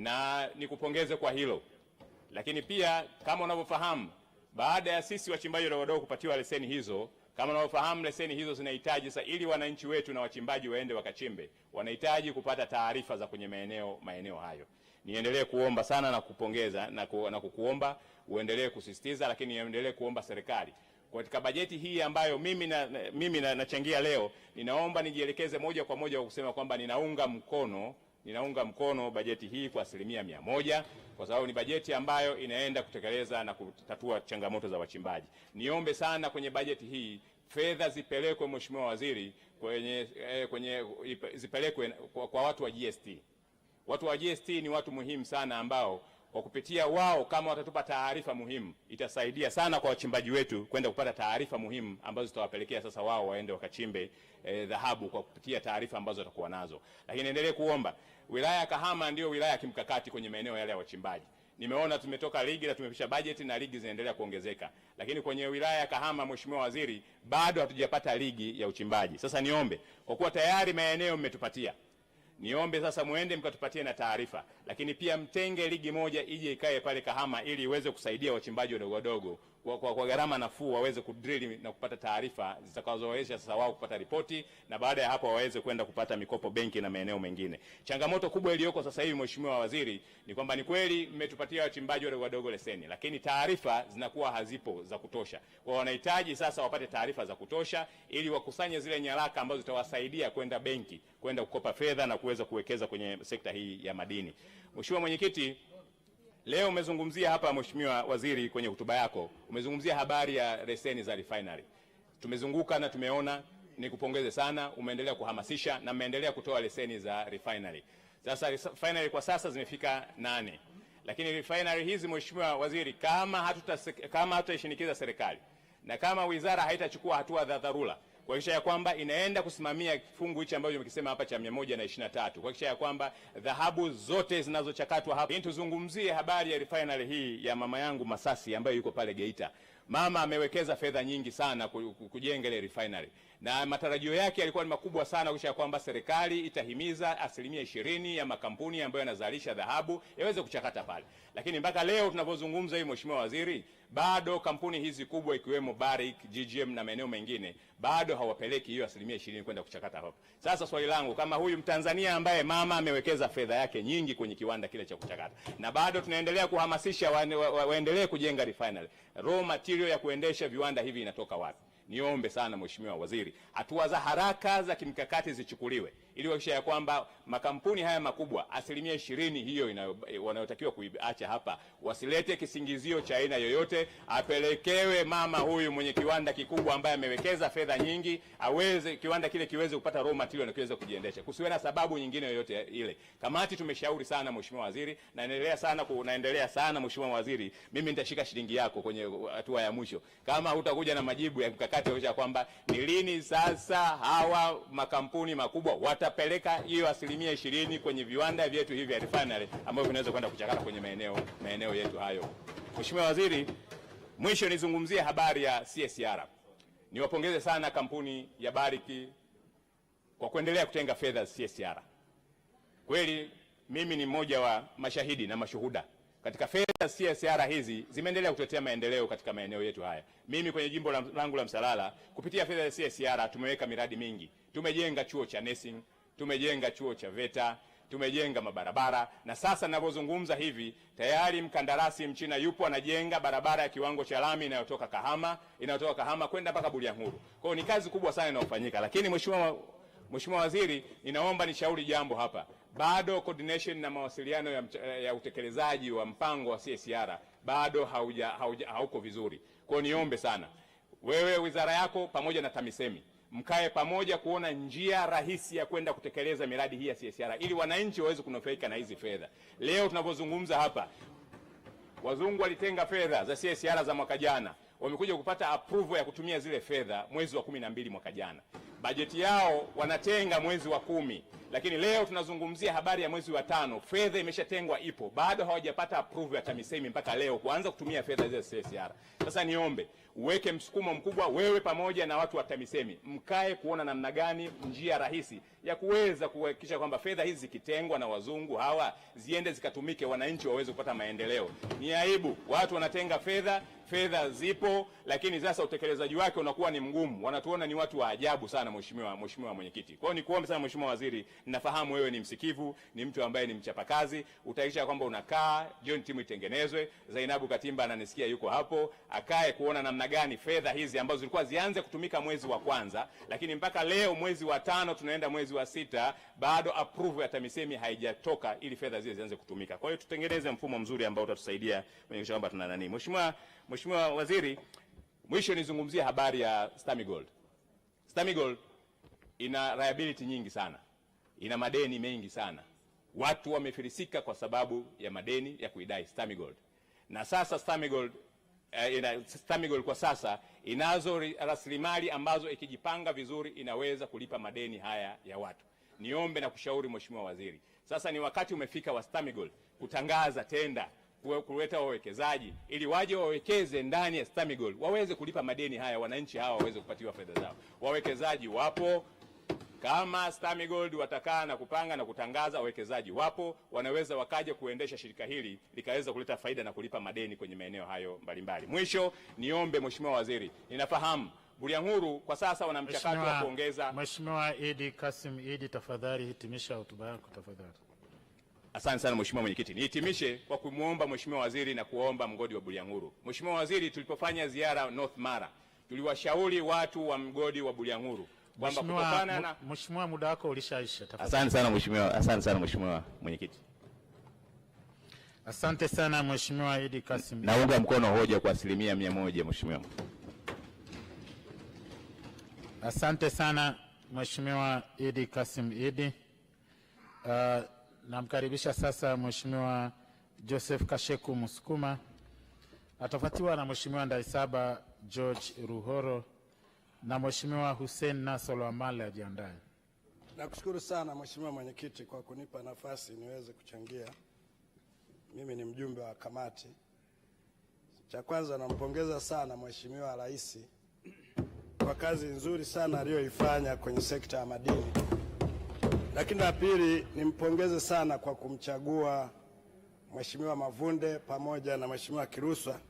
na nikupongeze kwa hilo. Lakini pia kama unavyofahamu, baada ya sisi wachimbaji wadogo wadogo kupatiwa leseni hizo, kama unavyofahamu, leseni hizo zinahitaji sasa, ili wananchi wetu na wachimbaji waende wakachimbe, wanahitaji kupata taarifa za kwenye maeneo maeneo hayo. Niendelee kuomba sana na kupongeza na, ku, na kukuomba uendelee kusisitiza, lakini niendelee kuomba serikali katika bajeti hii ambayo mimi na, mimi nachangia na leo, ninaomba nijielekeze moja kwa moja kwa kusema kwamba ninaunga mkono ninaunga mkono bajeti hii kwa asilimia mia moja kwa sababu ni bajeti ambayo inaenda kutekeleza na kutatua changamoto za wachimbaji. Niombe sana kwenye bajeti hii fedha zipelekwe, Mheshimiwa Waziri, kwenye, eh, kwenye zipelekwe kwa, kwa watu wa GST. Watu wa GST ni watu muhimu sana ambao kwa kupitia wao, kama watatupa taarifa muhimu, itasaidia sana kwa wachimbaji wetu kwenda kupata taarifa muhimu ambazo zitawapelekea sasa wao waende wakachimbe eh, dhahabu e, kwa kupitia taarifa ambazo watakuwa nazo. Lakini endelee kuomba, wilaya ya Kahama ndio wilaya ya kimkakati kwenye maeneo yale ya wachimbaji. Nimeona tumetoka ligi na tumepisha bajeti na ligi zinaendelea kuongezeka, lakini kwenye wilaya ya Kahama, Mheshimiwa Waziri, bado hatujapata ligi ya uchimbaji. Sasa niombe, kwa kuwa tayari maeneo mmetupatia niombe sasa muende mkatupatie na taarifa, lakini pia mtenge ligi moja ije ikae pale Kahama ili iweze kusaidia wachimbaji wadogo wadogo kwa, kwa, kwa gharama nafuu waweze kudrill na kupata taarifa zitakazowawezesha sasa wao kupata ripoti na baada ya hapo waweze kwenda kupata mikopo benki na maeneo mengine. Changamoto kubwa iliyoko sasa hivi, Mheshimiwa Waziri, ni kwamba ni kweli mmetupatia wachimbaji wadogo wadogo leseni, lakini taarifa zinakuwa hazipo za kutosha. Kwa wanahitaji sasa wapate taarifa za kutosha ili wakusanye zile nyaraka ambazo zitawasaidia kwenda benki kwenda kukopa fedha na kuweza kuwekeza kwenye sekta hii ya madini. Mheshimiwa Mwenyekiti Leo umezungumzia hapa, Mheshimiwa Waziri, kwenye hotuba yako umezungumzia habari ya leseni za refinery. Tumezunguka na tumeona, nikupongeze sana, umeendelea kuhamasisha na mmeendelea kutoa leseni za refinery. Sasa refinery kwa sasa zimefika nane, lakini refinery hizi Mheshimiwa Waziri, kama hatuta kama hatutaishinikiza serikali na kama wizara haitachukua hatua za dharura kuhakikisha ya kwamba inaenda kusimamia kifungu hichi ambacho tumekisema hapa cha 123 kuhakikisha ya kwamba dhahabu zote zinazochakatwa hapa. Tuzungumzie habari ya refinery hii ya mama yangu Masasi ambayo yuko pale Geita. Mama amewekeza fedha nyingi sana kujenga ile refinery na matarajio yake yalikuwa ni makubwa sana kuhakikisha kwamba serikali itahimiza asilimia ishirini ya makampuni ambayo yanazalisha dhahabu yaweze kuchakata pale, lakini mpaka leo tunavyozungumza hii, Mheshimiwa Waziri bado kampuni hizi kubwa ikiwemo Barrick, GGM na maeneo mengine bado hawapeleki hiyo asilimia ishirini kwenda kuchakata hapo. Sasa swali langu kama huyu Mtanzania ambaye mama amewekeza fedha yake nyingi kwenye kiwanda kile cha kuchakata na bado tunaendelea kuhamasisha waendelee wa, wa, kujenga refinery, raw material ya kuendesha viwanda hivi inatoka wapi? niombe sana Mheshimiwa Waziri, hatua za haraka za kimkakati zichukuliwe ili kuhakikisha ya kwamba makampuni haya makubwa asilimia ishirini hiyo wanayotakiwa kuiacha hapa wasilete kisingizio cha aina yoyote, apelekewe mama huyu mwenye kiwanda kikubwa ambaye amewekeza fedha nyingi, aweze kiwanda kile kiweze kupata raw material na kiweze kujiendesha, kusiwe na sababu nyingine yoyote ile. Kamati tumeshauri sana Mheshimiwa Waziri, naendelea sana kunaendelea sana Mheshimiwa Waziri, mimi nitashika shilingi yako kwenye hatua ya mwisho kama hutakuja na majibu ya mkakati yatosha kwamba ni lini sasa hawa makampuni makubwa watapeleka hiyo asilimia ishirini kwenye viwanda vyetu hivi vya refinery ambavyo vinaweza kwenda kuchakata kwenye maeneo maeneo yetu hayo. Mheshimiwa Waziri, mwisho nizungumzie habari ya CSR. Niwapongeze sana kampuni ya Bariki kwa kuendelea kutenga fedha CSR. Kweli mimi ni mmoja wa mashahidi na mashuhuda katika fedha CSR hizi zimeendelea kutetea maendeleo katika maeneo yetu haya. Mimi kwenye jimbo langu la Msalala kupitia fedha ya CSR tumeweka miradi mingi, tumejenga chuo cha nursing, tumejenga chuo cha VETA, tumejenga mabarabara na sasa ninavyozungumza hivi tayari mkandarasi mchina yupo anajenga barabara ya kiwango cha lami inayotoka Kahama inayotoka Kahama kwenda mpaka Bulyanhuru. Kwa hiyo ni kazi kubwa sana inayofanyika, lakini mheshimiwa Mheshimiwa Waziri, ninaomba nishauri jambo hapa. Bado coordination na mawasiliano ya, eh, ya utekelezaji wa mpango wa CSR bado hauja, hauja, hauko vizuri. Kwa hiyo niombe sana wewe wizara yako pamoja na TAMISEMI mkae pamoja kuona njia rahisi ya kwenda kutekeleza miradi hii ya CSR ili wananchi waweze kunufaika na hizi fedha. Leo tunavyozungumza hapa, wazungu walitenga fedha za CSR za mwaka jana, wamekuja kupata approval ya kutumia zile fedha mwezi wa kumi na mbili mwaka jana bajeti yao wanatenga mwezi wa kumi lakini leo tunazungumzia habari ya mwezi wa tano, fedha imeshatengwa, ipo bado hawajapata approve ya TAMISEMI mpaka leo kuanza kutumia fedha hizo CSR. Sasa niombe uweke msukumo mkubwa, wewe pamoja na watu wa TAMISEMI mkae kuona namna gani njia rahisi ya kuweza kuhakikisha kwamba fedha hizi zikitengwa na wazungu hawa ziende zikatumike, wananchi waweze kupata maendeleo. Ni aibu watu wanatenga fedha fedha zipo lakini sasa utekelezaji wake unakuwa ni mgumu. Wanatuona ni watu wa ajabu sana, mheshimiwa mheshimiwa mwenyekiti. Kwa hiyo nikuombe sana mheshimiwa waziri Ninafahamu wewe ni msikivu, ni mtu ambaye ni mchapakazi, utahakikisha kwamba unakaa jioni timu itengenezwe. Zainabu Katimba ananisikia yuko hapo, akae kuona namna gani fedha hizi ambazo zilikuwa zianze kutumika mwezi wa kwanza, lakini mpaka leo mwezi wa tano tunaenda mwezi wa sita, bado approval ya TAMISEMI haijatoka ili fedha zile zianze kutumika. Kwa hiyo tutengeneze mfumo mzuri ambao utatusaidia kuhakikisha kwamba tuna nani. Mheshimiwa Mheshimiwa Waziri, mwisho nizungumzie habari ya Stamigold. Stamigold ina liability nyingi sana ina madeni mengi sana. Watu wamefilisika kwa sababu ya madeni ya kuidai Stamigold na sasa Stamigold, uh, eh, ina, Stamigold kwa sasa inazo rasilimali ambazo ikijipanga vizuri inaweza kulipa madeni haya ya watu. Niombe na kushauri Mheshimiwa Waziri, sasa ni wakati umefika wa Stamigold kutangaza tenda kuleta wawekezaji ili waje wawekeze ndani ya Stamigold waweze kulipa madeni haya, wananchi hawa waweze kupatiwa fedha zao. Wawekezaji wapo. Kama Stami Gold watakaa na kupanga na kutangaza, wawekezaji wapo, wanaweza wakaja kuendesha shirika hili likaweza kuleta faida na kulipa madeni kwenye maeneo hayo mbalimbali. Mwisho niombe Mheshimiwa Waziri, ninafahamu Bulyanhulu kwa sasa wana mchakato wa kuongeza. Mheshimiwa Idi Kasim Idi, tafadhali hitimisha hotuba yako tafadhali. Asante sana Mheshimiwa Mwenyekiti, nihitimishe kwa kumwomba Mheshimiwa Waziri na kuomba mgodi wa Bulyanhulu. Mheshimiwa Waziri, tulipofanya ziara North Mara tuliwashauri watu wa mgodi wa Bulyanhulu kwamba Mheshimiwa, muda wako ulishaisha. Asante sana mheshimiwa, asante sana mheshimiwa mwenyekiti. Asante sana mheshimiwa Idi Kasim. Naunga mkono hoja kwa asilimia mia moja mheshimiwa. Asante sana mheshimiwa Idi Kasim Idi. Uh, namkaribisha sasa mheshimiwa Joseph Kasheku Musukuma, atafuatiwa na mheshimiwa Ndaisaba George Ruhoro na Mheshimiwa Hussein Nasolo Amale ajiandae. Nakushukuru sana Mheshimiwa Mwenyekiti kwa kunipa nafasi niweze kuchangia. Mimi ni mjumbe wa kamati. Cha kwanza nampongeza sana Mheshimiwa Rais kwa kazi nzuri sana aliyoifanya kwenye sekta ya madini, lakini la pili nimpongeze sana kwa kumchagua Mheshimiwa Mavunde pamoja na Mheshimiwa Kiruswa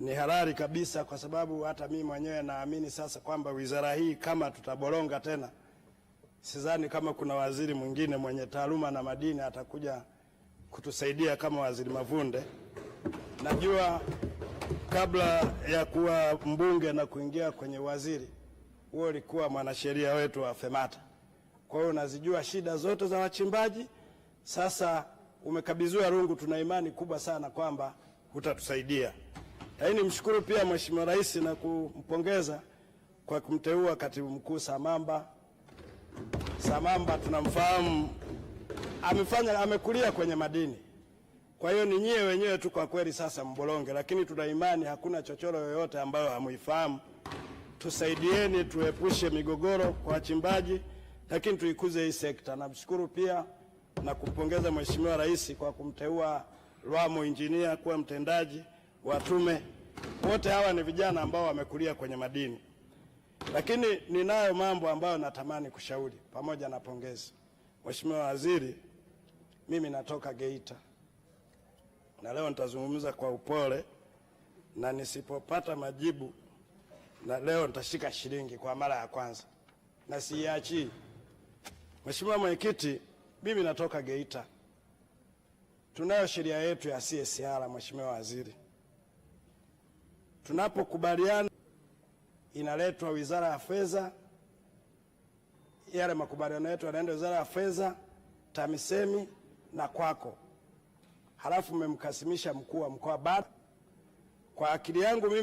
ni halali kabisa, kwa sababu hata mimi mwenyewe naamini sasa kwamba wizara hii kama tutaboronga tena, sidhani kama kuna waziri mwingine mwenye taaluma na madini atakuja kutusaidia kama waziri Mavunde. Najua kabla ya kuwa mbunge na kuingia kwenye waziri, huo ulikuwa mwanasheria wetu wa FEMATA, kwa hiyo unazijua shida zote za wachimbaji. Sasa umekabidhiwa rungu, tuna imani kubwa sana kwamba utatusaidia. Lakini nimshukuru pia Mheshimiwa Rais na kumpongeza kwa kumteua Katibu Mkuu Samamba. Samamba tunamfahamu, amefanya amekulia kwenye madini, kwa hiyo ni nyie wenyewe tu kwa kweli sasa mbolonge, lakini tuna imani hakuna chochoro yoyote ambayo hamuifahamu. Tusaidieni tuepushe migogoro kwa wachimbaji, lakini tuikuze hii sekta. Namshukuru pia na kumpongeza Mheshimiwa Rais kwa kumteua Lwamo Injinia kuwa mtendaji watume wote hawa ni vijana ambao wamekulia kwenye madini. Lakini ninayo mambo ambayo natamani kushauri pamoja na pongezi. Mheshimiwa Waziri, mimi natoka Geita na leo nitazungumza kwa upole, na nisipopata majibu na leo nitashika shilingi kwa mara ya kwanza na siiachi. Mheshimiwa Mwenyekiti, mimi natoka Geita, tunayo sheria yetu ya CSR. Mheshimiwa Waziri, tunapokubaliana inaletwa wizara ya fedha, yale makubaliano yetu yanaenda wizara ya fedha, TAMISEMI na kwako, halafu mmemkasimisha mkuu wa mkoa. Kwa akili yangu mimi